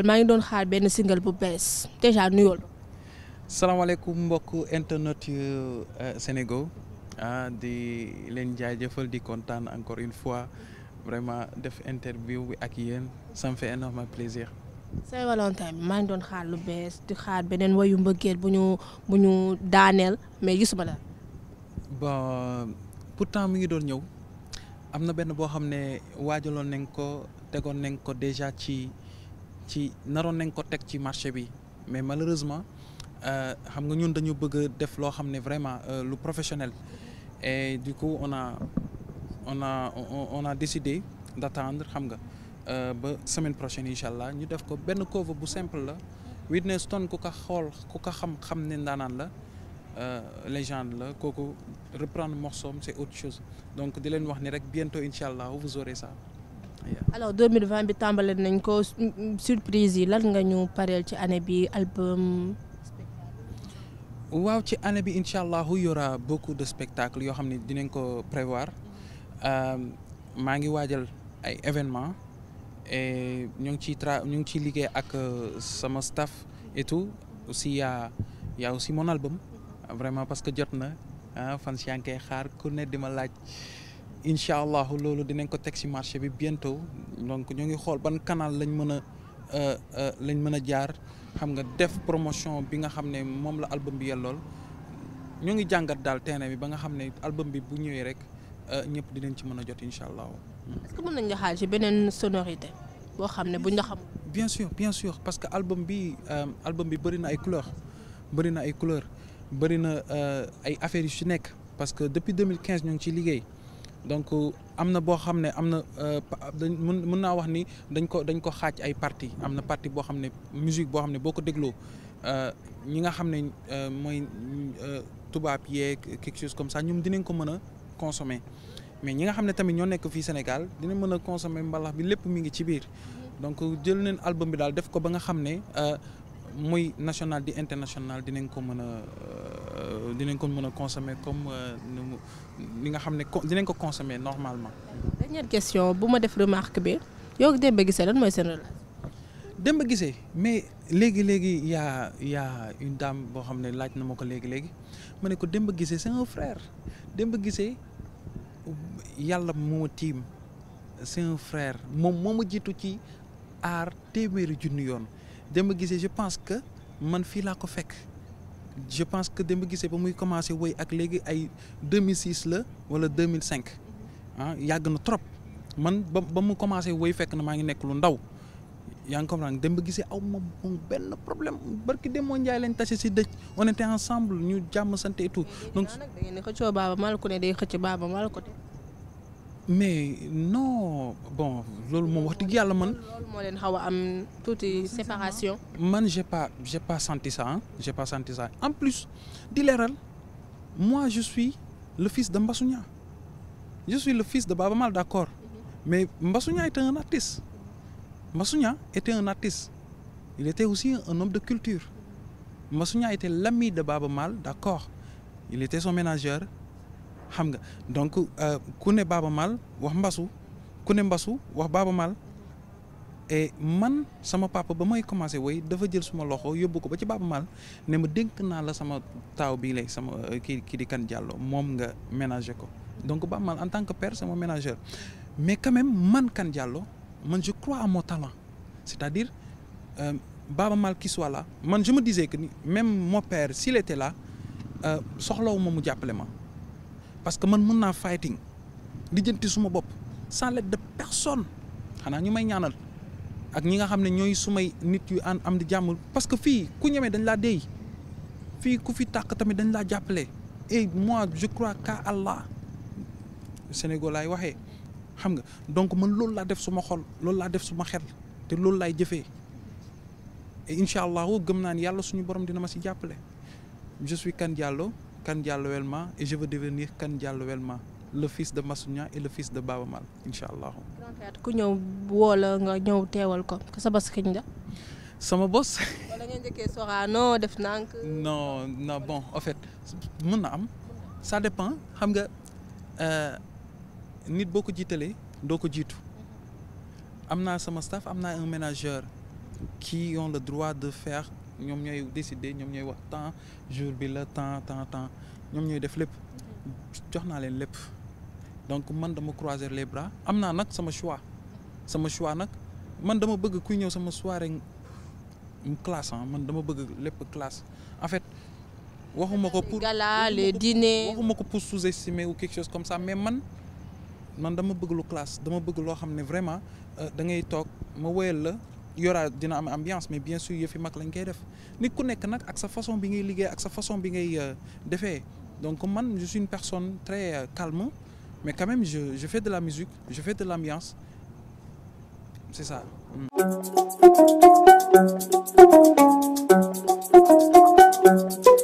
daal maa ngi doon xaar benn single bu bees déjà nuyool. salaamaaleykum mbokk internet yu euh, Sénégal ah di leen jaajëfal di kontaan encore une fois vraiment def interview bi ak yéen ça me fait énormément plaisir. Saint Valentin bi maa ngi doon xaar lu bees di xaar beneen wayu mbëggeel bu ñu bu ñu daaneel mais gisuma daal. bon pourtant mi ngi doon ñëw am na benn boo xam ne waajaloon nañ ko tegoon nañ ko déjà ci. ci naroon nañ ko teg ci marché bi mais malheureusement euh, xam nga ñun dañu bëgg def loo xam ne vraiment euh, lu professionnel et du coup on a on a on a décidé d'attendre xam nga euh, ba semaine prochaine incha allah ñu def ko benn cover bu simple la Whitney Houston ku ko xool ku ko xam xam ne ndaanaan la légende la kooku reprendre morceau c'est autre chose donc di leen wax ni rek bientôt incha allah vous aurez ça. alors 2020 bi tàmbale nañ ko surprise yi lan nga ñu pareel ci année bi album. waaw ci année bi incha allah y aura beaucoup de spectacles yoo xam ne dinañ ko prévoir euh, maa ngi waajal ay événement et ñu ngi ciy tra ñu ngi ciy liggéey ak euh, sama staff et tout aussi y a aussi mon album vraiment parce que jot na ah fan si yaa xaar ku ne di ma laaj. incha allahu loolu dinañ ko teg ci marché bi bientôt donc ñoo ngi xool ban kanaan lañ mën a euh, euh, lañ mën a jaar xam nga def promotion bi nga xam ne moom la album bi yellool ñoo ngi jàngat daal terrain bi ba nga xam ne album bi bu ñëwee rek euh, ñëpp dinañ ci mën a jot incha allahu. nañ la ci beneen sonorité boo xam ne buñ la xam. bien sûr bien sûr parce que album bi album bi barina ay couleur bëri na ay couleur bëri na ay affaires yu ci nekk parce que depuis 2015 ñoo ngi ciy liggéey. donc euh, am na boo xam ne am na euh, dañ mën naa wax ni dañ ko dañ ko xaaj ay parti am na parti boo xam ne musique boo xam ne boo ko dégloo euh, ñi nga xam ne mooy tubaab yeeg quelque chose comme ça ñoom dinañ ko mën a consommer mais ñi nga xam ne tamit ñoo nekk fii Sénégal dinañ mën a consommer mbalax bi lépp mu ngi ci biir donc jël nañ album bi daal def ko ba nga xam ne muy national di international dinañ ko mën a dinañ ko mën a consommer comme euh, ni mu nga xam ne dinañ ko consommer normalement. dernière question bu ma def remarque bi yow ak Demba gisee lan mooy seen dem ba Guissé mais léegi léegi y a y a une dame boo xam ne laaj na ma ko léegi léegi ma ne ko dem ba Guissé c'est un frère ba gisee yàlla moo tiim c'est un frère moom moo ma jiitu ci aar téeméeri junni yoon Demba Guissé je pense que man fii laa ko fekk. je pense que dem ba gisee ba muy commencé woy ak léegi ay 2006 la mille cinq ah yàgg na trop man ba ba mu commencé woy fekk na maa ngi nekk lu ndaw yaa ngi dem ba gisee aw ma moom benn problème barki Demba Ndiaye lañ tase si dëj on était ensemble ñu jàmm sant et tout. donc da ngeen di xëccoo Baaba Maal ku ne day xëcc Baaba Maal ko te. mais non bon loolu moom wax dëgg yàlla man. moo leen xaw a am tuuti séparation. man j'ai pas j'ai pas senti ça ah j'ai pas senti ça en plus di leeral moi je suis le fils de Mbassou Niang je suis le fils de Baba Mal d'accord mais Mbassou Niang était un artiste Mbassou Niang était un artiste il était aussi un homme de culture Mbassou Niang était l'ami de Baba Mal d'accord il était son ménageur. xam nga donc euh, ku ne Baaba Maal wax mbasu ku ne mbasu wax Baaba Maal et man sama papa ba may commencé woy dafa jël suma loxo yóbbu ko ba ci Baaba Maal ne ma dénk naa la sama taaw bii lay sama euh, kii kii di kan Diallo moom nga ménager ko donc Baaba Maal en tant que père sama ménageur mais quand même man kan Diallo man je crois à mon talent c'est-à-dire euh, Baaba Maal qui soit là man je me disais ni même mon père s'il était là euh, soxlawu ma mu jàppale ma. parce que man mun naa fighting lijjanti suma bopp sans l'aide de personne xanaa ñu may ñaanal ak ñi nga xam ne ñooy sumay nit yu ànd am di jàmm parce que fii ku ñemee dañ laa dey fii ku fi tàkk tamit dañ laa jàppale et moi je crois qu'à Allah Sénégal laay waxee xam nga donc man loolu laa def suma xol loolu laa def suma xel te loolu laay jëfee et incha allahu gëm naa ni yàlla suñu borom dina ma si jàppale je suis Kane Diallo Kane Diallo Welma et je veux devenir Kane Diallo Welma le fils de Massounia et le fils de Baba Mal incha allah. ku ñëw woo nga ñëw teewal ko sa bos kañ sama bos. wala nga njëkkee Sorano def naa bon en fait mën na am ça dépend xam nga euh, nit boo ko jiitalee doo ko jiitu am naa sama staff am naa un ménageur qui ont le droit de faire. ñoom ñooy décider ñoom ñooy wax temps jour bi la temps temps temps ñoom ñooy def lépp jox naa leen lépp donc man dama croiser les bras am naa nag sama choix sama choix nag man dama bëgg kuy ñëw sama soirée une classe ah man dama bëgg lépp classe en fait waxuma ko pour gala les dîners waxuma ko pour sous-estimer ou quelque chose comme ça mais man man dama bëgg lu classe dama bëgg loo xam ne vraiment euh, da ngay toog ma woyal la yoraa dina am ambiance mais bien sûr yëfi mag lañ koy def nit ku nekk nag ak sa façon bi ngay liggéey ak sa façon bi ngay euh, defee donc man je suis une personne très euh, calme mais quand même je fais de la musique je fais de l'ambiance c'est ça. Mm.